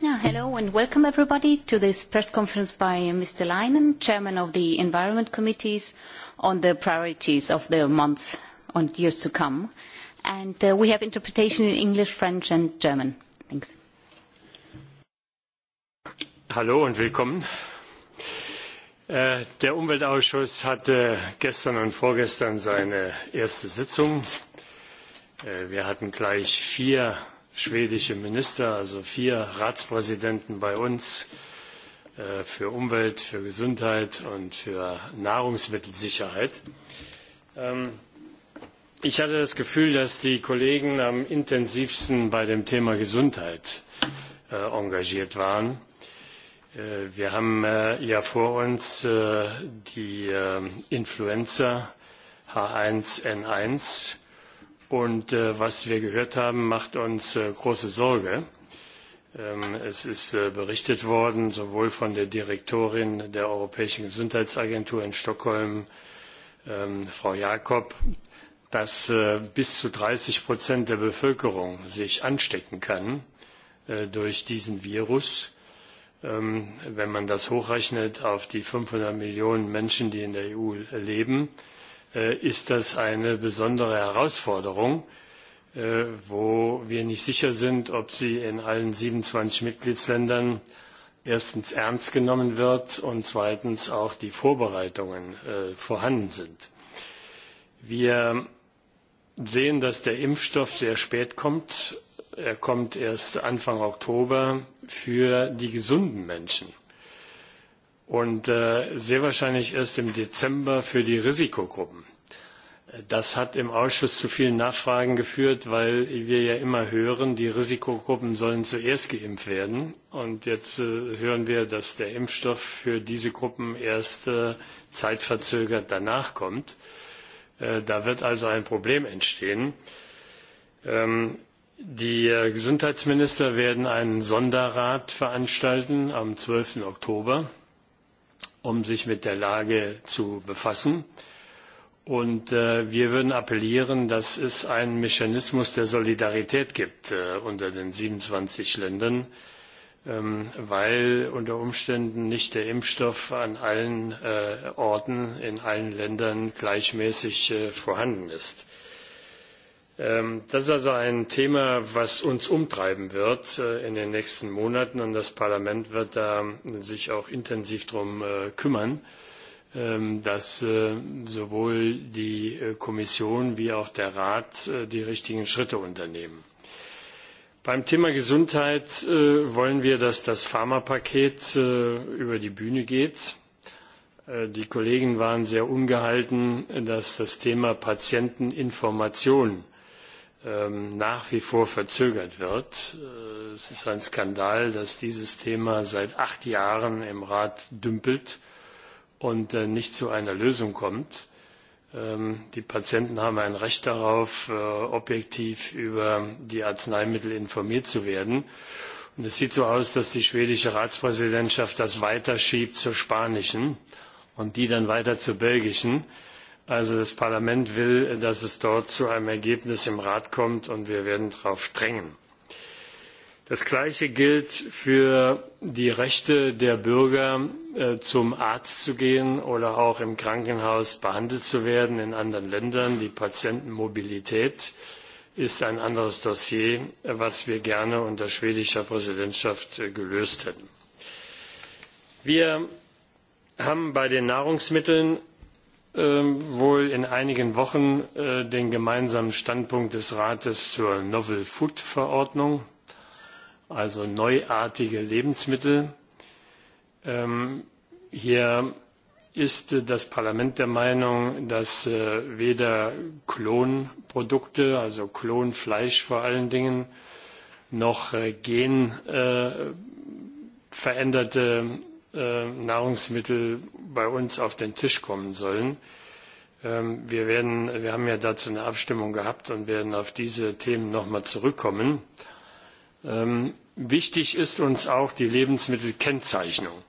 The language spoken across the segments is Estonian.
Yeah, hello and welcome everybody to this press conference by Mr. Leinen, Chairman of the Environment Committees, on the priorities of the months and years to come. And uh, we have interpretation in English, French and German. Thanks. Hallo und willkommen. Äh, der Umweltausschuss hatte gestern und vorgestern seine erste Sitzung. Äh, wir hatten gleich vier schwedische Minister, also vier Ratspräsidenten bei uns äh, für Umwelt, für Gesundheit und für Nahrungsmittelsicherheit. Ähm, ich hatte das Gefühl, dass die Kollegen am intensivsten bei dem Thema Gesundheit äh, engagiert waren. Äh, wir haben äh, ja vor uns äh, die äh, Influenza H1N1 Und äh, was wir gehört haben, macht uns äh, große Sorge. Ähm, es ist äh, berichtet worden, sowohl von der Direktorin der Europäischen Gesundheitsagentur in Stockholm, ähm, Frau Jakob, dass äh, bis zu 30 Prozent der Bevölkerung sich anstecken kann äh, durch diesen Virus. Ähm, wenn man das hochrechnet auf die 500 Millionen Menschen, die in der EU leben, äh, Äh, ist das eine besondere Herausforderung, äh, wo wir nicht sicher sind, ob sie in allen 27 Mitgliedsländern erstens ernst genommen wird und zweitens auch die Vorbereitungen äh, vorhanden sind. Wir sehen, dass der Impfstoff sehr spät kommt. Er kommt erst Anfang Oktober für die gesunden Menschen und äh, sehr wahrscheinlich erst im Dezember für die Risikogruppen. Das hat im Ausschuss zu vielen Nachfragen geführt, weil wir ja immer hören, die Risikogruppen sollen zuerst geimpft werden. Und jetzt äh, hören wir, dass der Impfstoff für diese Gruppen erst äh, zeitverzögert danach kommt. Äh, da wird also ein Problem entstehen. Ähm, die äh, Gesundheitsminister werden einen Sonderrat veranstalten am 12. Oktober um sich mit der Lage zu befassen. Und äh, wir würden appellieren, dass es einen Mechanismus der Solidarität gibt äh, unter den 27 Ländern, ähm, weil unter Umständen nicht der Impfstoff an allen äh, Orten, in allen Ländern gleichmäßig äh, vorhanden ist. Äh, Ähm, das ist also ein Thema, was uns umtreiben wird äh, in den nächsten Monaten und das Parlament wird da sich auch intensiv darum äh, kümmern, ähm, dass äh, sowohl die Kommission wie auch der Rat die richtigen Schritte unternehmen. Beim Thema Gesundheit wollen wir, dass das Pharmapaket über die Bühne geht. Die Kollegen waren sehr ungehalten, dass das Thema Patienteninformation Ähm, nach wie vor verzögert wird. Äh, es ist ein Skandal, dass dieses Thema seit acht Jahren im Rat dümpelt und äh, nicht zu einer Lösung kommt. Ähm, die Patienten haben ein Recht darauf, äh, objektiv über die Arzneimittel informiert zu werden. Und es sieht so aus, dass die schwedische Ratspräsidentschaft das weiterschiebt zur spanischen und die dann weiter zur belgischen. Äh, Also das Parlament will, dass es dort zu einem Ergebnis im Rat kommt und wir werden darauf strengen. Das Gleiche gilt für die Rechte der Bürger, äh, zum Arzt zu gehen oder auch im Krankenhaus behandelt zu werden in anderen Ländern. Die Patientenmobilität ist ein anderes Dossier, was wir gerne unter schwedischer Präsidentschaft äh, gelöst hätten. Wir haben bei den Nahrungsmitteln Ähm, wohl in einigen Wochen äh, den gemeinsamen Standpunkt des Rates zur Novel Food Verordnung, also neuartige Lebensmittel. Ähm, hier ist das Parlament der Meinung, dass äh, weder Klonprodukte, also Klonfleisch vor allen Dingen, noch äh, genveränderte Äh, Nahrungsmittel bei uns auf den Tisch kommen sollen. Ähm, wir, werden, wir haben ja dazu eine Abstimmung gehabt und werden auf diese Themen nochmal zurückkommen. Ähm, wichtig ist uns auch die Lebensmittelkennzeichnung.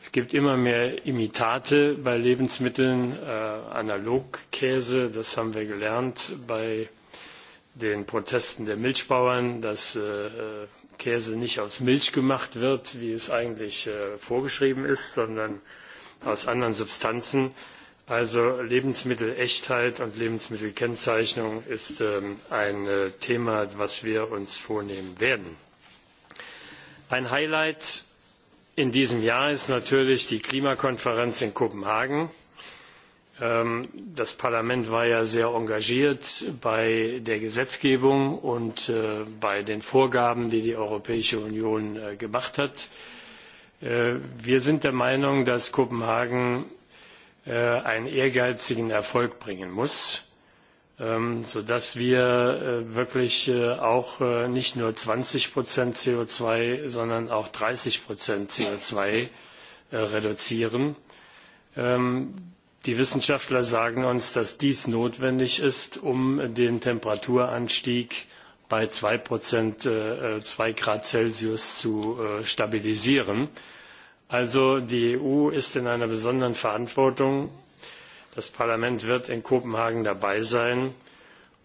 Es gibt immer mehr Imitate bei Lebensmitteln, äh, Analogkäse, das haben wir gelernt bei den Protesten der Milchbauern, dass äh, äh Käse nicht aus Milch gemacht wird, wie es eigentlich äh, vorgeschrieben ist, sondern aus anderen Substanzen. Also Lebensmittelechtheit und Lebensmittelkennzeichnung ist ähm, ein äh, Thema, was wir uns vornehmen werden. Ein Highlight in diesem Jahr ist natürlich die Klimakonferenz in Kopenhagen Ähm, das Parlament war ja sehr engagiert bei der Gesetzgebung und äh, bei den Vorgaben, die die Europäische Union äh, gemacht hat. Äh, wir sind der Meinung, dass Kopenhagen einen ehrgeizigen Erfolg bringen muss, ähm, sodass wir wirklich auch nicht nur 20 Prozent CO2, sondern auch 30 Prozent CO2 reduzieren ähm, Die Wissenschaftler sagen uns, dass dies notwendig ist, um den Temperaturanstieg bei 2 Prozent, äh, 2 Grad Celsius zu äh, stabilisieren. Also die EU ist in einer besonderen Verantwortung. Das Parlament wird in Kopenhagen dabei sein.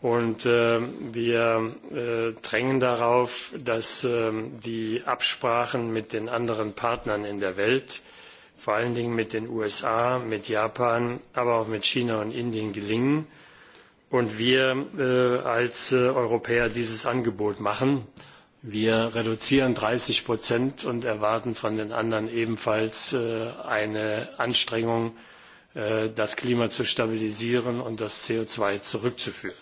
Und äh, wir äh, drängen darauf, dass äh, die Absprachen mit den anderen Partnern in der Welt vor allen Dingen mit den USA, mit Japan, aber auch mit China und Indien gelingen und wir äh, als äh, Europäer dieses Angebot machen. Wir reduzieren 30 Prozent und erwarten von den anderen ebenfalls äh, eine Anstrengung, äh, das Klima zu stabilisieren und das CO2 zurückzuführen.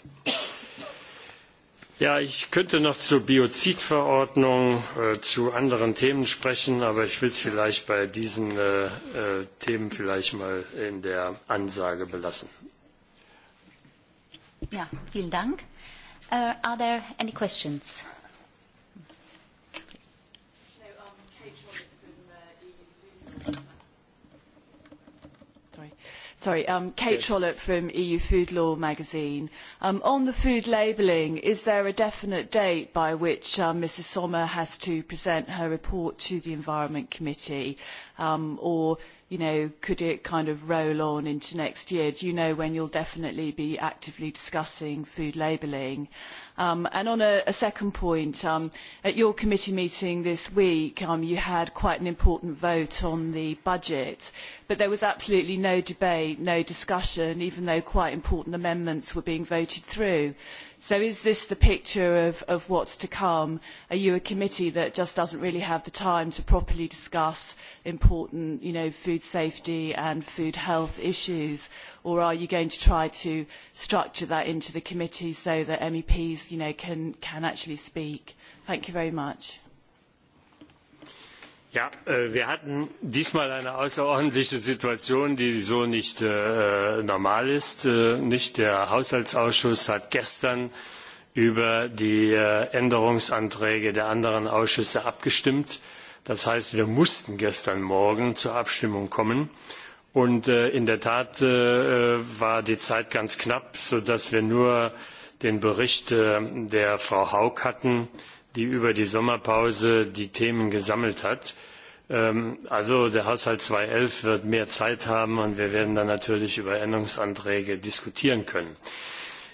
Ja, ich könnte noch zur Biozidverordnung, äh, zu anderen Themen sprechen, aber ich will es vielleicht bei diesen äh, äh, Themen vielleicht mal in der Ansage belassen. Ja, vielen Dank. Uh, are there any questions? Sorry, um, Kate yes. Trollope from EU Food Law magazine. Um, on the food labelling, is there a definite date by which um, Mrs Sommer has to present her report to the Environment Committee? Um, or you know, could it kind of roll on into next year? Do you know when you'll definitely be actively discussing food labeling? Um, and on a, a second point, um, at your committee meeting this week, um, you had quite an important vote on the budget, but there was absolutely no debate, no discussion, even though quite important amendments were being voted through. So is this the picture of, of what's to come? Are you a committee that just doesn't really have the time to properly discuss important you know, food safety and food health issues? Or are you going to try to structure that into the committee so that MEPs you know, can, can actually speak? Thank you very much. Ja, äh, wir hatten diesmal eine außerordentliche situation die so nicht äh, normal ist. Äh, nicht der haushaltsausschuss hat gestern über die äh, änderungsanträge der anderen ausschüsse abgestimmt. das heißt wir mussten gestern morgen zur abstimmung kommen. und äh, in der tat äh, war die zeit ganz knapp sodass wir nur den bericht der frau haug hatten die über die Sommerpause die Themen gesammelt hat. Ähm, also der Haushalt 2011 wird mehr Zeit haben und wir werden dann natürlich über Änderungsanträge diskutieren können.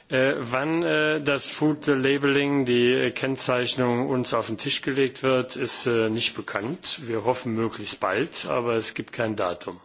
Äh, wann äh, das Food Labeling, die äh, Kennzeichnung uns auf den Tisch gelegt wird, ist äh, nicht bekannt. Wir hoffen möglichst bald, aber es gibt kein Datum.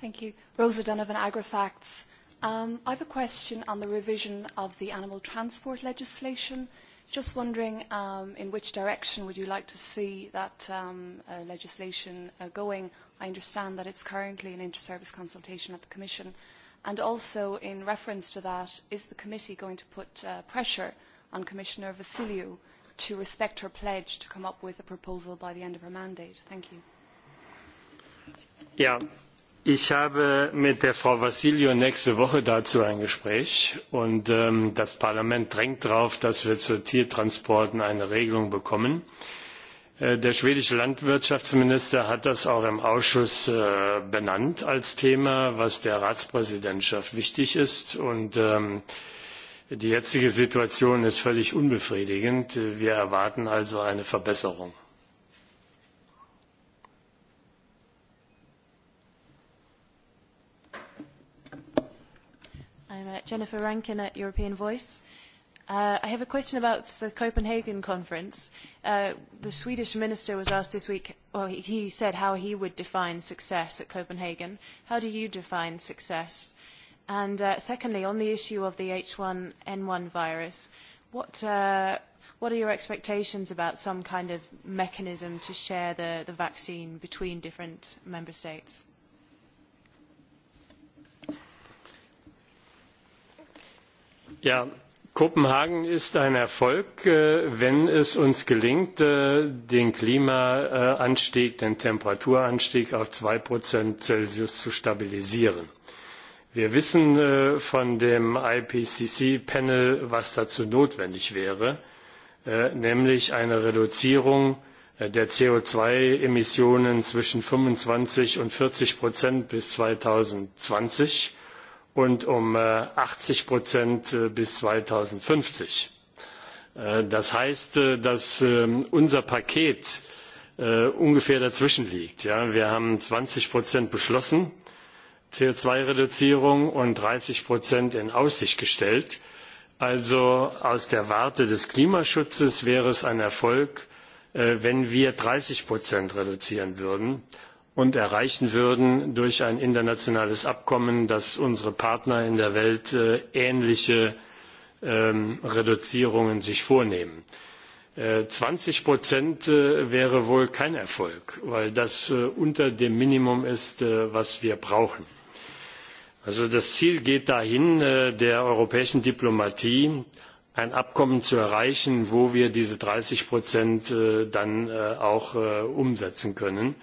Thank you. Rosa Donovan, AgriFacts. Um, I have a question on the revision of the animal transport legislation. Just wondering um, in which direction would you like to see that um, uh, legislation uh, going? I understand that it's currently an inter-service consultation at the Commission. And also, in reference to that, is the committee going to put uh, pressure on Commissioner Vassiliou to respect her pledge to come up with a proposal by the end of her mandate? Thank you. Yeah, Ich habe mit der Frau Vassilio nächste Woche dazu ein Gespräch und ähm, das Parlament drängt darauf, dass wir zu Tiertransporten eine Regelung bekommen. Äh, der schwedische Landwirtschaftsminister hat das auch im Ausschuss äh, benannt als Thema, was der Ratspräsidentschaft wichtig ist und ähm, die jetzige Situation ist völlig unbefriedigend. Wir erwarten also eine Verbesserung. Jennifer Rankin at European Voice. Uh, I have a question about the Copenhagen conference. Uh, the Swedish minister was asked this week, or he, he said how he would define success at Copenhagen. How do you define success? And uh, secondly, on the issue of the H1N1 virus, what, uh, what are your expectations about some kind of mechanism to share the, the vaccine between different member states? Ja, Kopenhagen ist ein Erfolg, äh, wenn es uns gelingt, äh, den Klimaanstieg, den Temperaturanstieg auf 2 Celsius zu stabilisieren. Wir wissen äh, von dem IPCC-Panel, was dazu notwendig wäre, nämlich eine Reduzierung der CO2-Emissionen zwischen 25 und 40 bis 2020 und um äh, achtzig äh, bis. zweitausendfünfzig äh, das heißt dass ähm, unser paket ungefähr dazwischen liegt. Ja, wir haben zwanzig beschlossen co zwei reduzierung und dreißig in aussicht gestellt. also aus der warte des klimaschutzes wäre es ein erfolg wenn wir dreißig reduzieren würden und erreichen würden durch ein internationales Abkommen, dass unsere Partner in der Welt äh, ähnliche ähm, Reduzierungen sich vornehmen. Äh, 20 Prozent äh, wäre wohl kein Erfolg, weil das äh, unter dem Minimum ist, äh, was wir brauchen. Also das Ziel geht dahin, äh, der europäischen Diplomatie ein Abkommen zu erreichen, wo wir diese 30 Prozent äh, dann äh, auch äh, umsetzen können. Äh,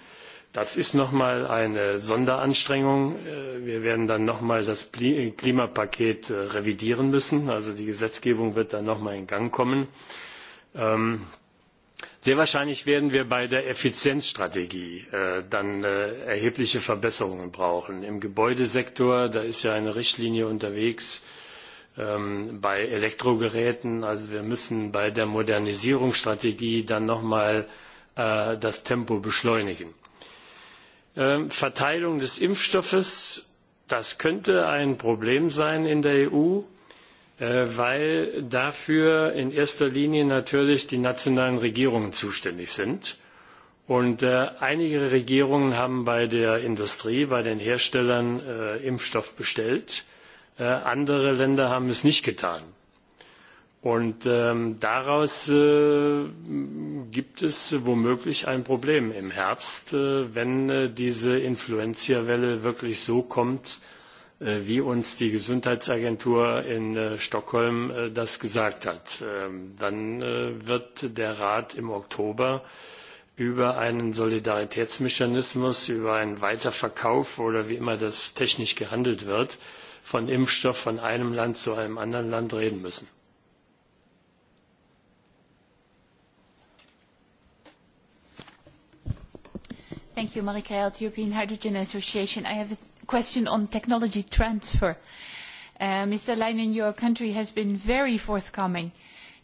Das ist nochmal eine Sonderanstrengung. Äh, wir werden dann nochmal das Klimapaket äh, revidieren müssen. Also die Gesetzgebung wird dann nochmal in Gang kommen. Ähm, sehr wahrscheinlich werden wir bei der Effizienzstrategie äh, dann äh, erhebliche Verbesserungen brauchen. Im Gebäudesektor, da ist ja eine Richtlinie unterwegs ähm, bei Elektrogeräten. Also wir müssen bei der Modernisierungsstrategie dann nochmal äh, das Tempo beschleunigen. Ähm, Verteilung des Impfstoffes, das könnte ein Problem sein in der EU, äh, weil dafür in erster Linie natürlich die nationalen Regierungen zuständig sind. Und äh, einige Regierungen haben bei der Industrie, bei den Herstellern äh, Impfstoff bestellt. Äh, andere Länder haben es nicht getan. Und ähm, daraus äh, gibt es womöglich ein Problem im Herbst, äh, wenn äh, diese Influenzierwelle wirklich so kommt, äh, wie uns die Gesundheitsagentur in äh, Stockholm äh, das gesagt hat. Ähm, dann äh, wird der Rat im Oktober über einen Solidaritätsmechanismus, über einen Weiterverkauf oder wie immer das technisch gehandelt wird, von Impfstoff von einem Land zu einem anderen Land reden müssen. Thank you, Marika Held, European Hydrogen Association. I have a question on technology transfer. Uh, Mr. Leinen, your country has been very forthcoming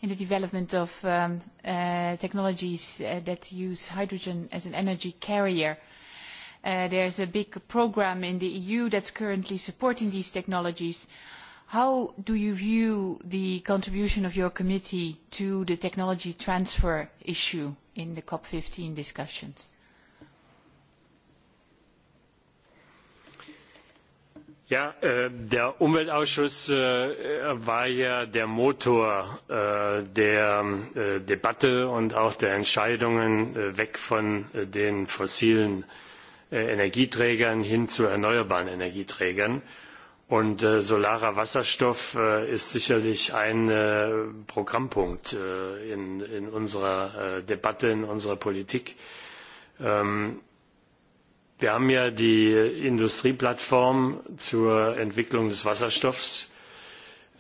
in the development of um, uh, technologies uh, that use hydrogen as an energy carrier. Uh, there's a big program in the EU that's currently supporting these technologies. How do you view the contribution of your committee to the technology transfer issue in the COP15 discussions? Ja, äh, der Umweltausschuss äh, war ja der Motor äh, der äh, Debatte und auch der Entscheidungen äh, weg von äh, den fossilen äh, Energieträgern hin zu erneuerbaren Energieträgern. Und äh, solarer Wasserstoff äh, ist sicherlich ein äh, Programmpunkt äh, in, in unserer äh, Debatte, in unserer Politik. Ähm, Wir haben ja die Industrieplattform zur Entwicklung des Wasserstoffs.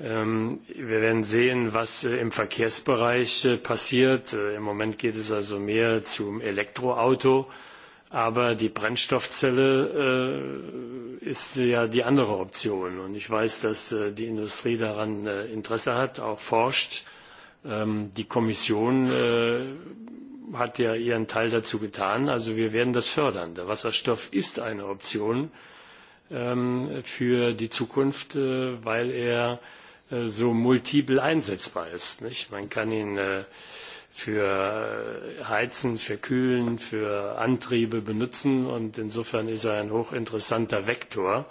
Ähm, wir werden sehen, was äh, im Verkehrsbereich äh, passiert. Äh, Im Moment geht es also mehr zum Elektroauto. Aber die Brennstoffzelle äh, ist ja die andere Option. Und ich weiß, dass äh, die Industrie daran äh, Interesse hat, auch forscht. Ähm, die Kommission äh, hat ja ihren Teil dazu getan. Also wir werden das fördern. Der Wasserstoff ist eine Option ähm, für die Zukunft, äh, weil er äh, so multiple einsetzbar ist. Nicht? Man kann ihn äh, für äh, Heizen, für Kühlen, für Antriebe benutzen und insofern ist er ein hochinteressanter Vektor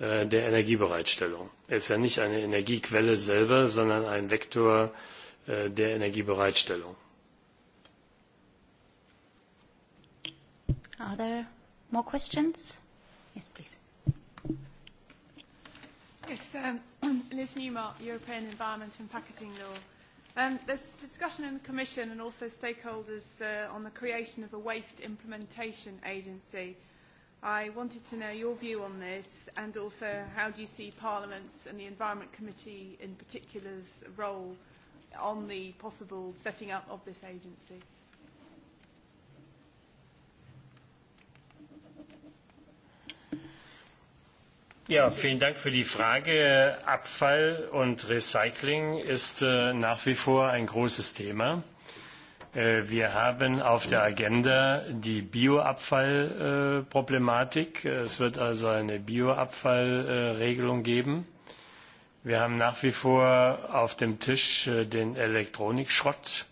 äh, der Energiebereitstellung. Er ist ja nicht eine Energiequelle selber, sondern ein Vektor äh, der Energiebereitstellung. Are there more questions? Yes, please. Yes, um, Liz Newmark, European Environment and Packaging Law. Um, there's discussion in the Commission and also stakeholders uh, on the creation of a waste implementation agency. I wanted to know your view on this and also how do you see Parliament's and the Environment Committee in particular's role on the possible setting up of this agency? Ja, vielen Dank für die Frage. Abfall und Recycling ist äh, nach wie vor ein großes Thema. Äh, wir haben auf der Agenda die Bioabfallproblematik. Äh, es wird also eine Bioabfallregelung geben. Wir haben nach wie vor auf dem Tisch äh, den Elektronikschrott.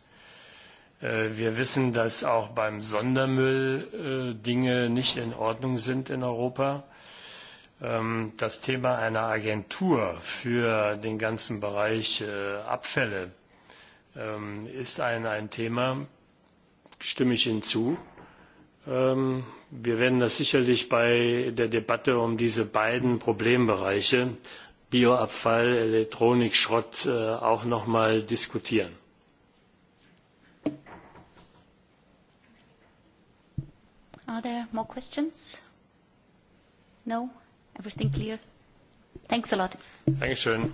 Äh, wir wissen, dass auch beim Sondermüll äh, Dinge nicht in Ordnung sind in Europa. Ähm, das Thema einer Agentur für den ganzen Bereich äh, Abfälle ähm, ist ein, ein Thema, stimme ich hinzu. Ähm, wir werden das sicherlich bei der Debatte um diese beiden Problembereiche Bioabfall, Elektronikschrott äh, auch noch mal diskutieren. Are there more questions? No? Everything clear? Thanks a lot. Dankeschön.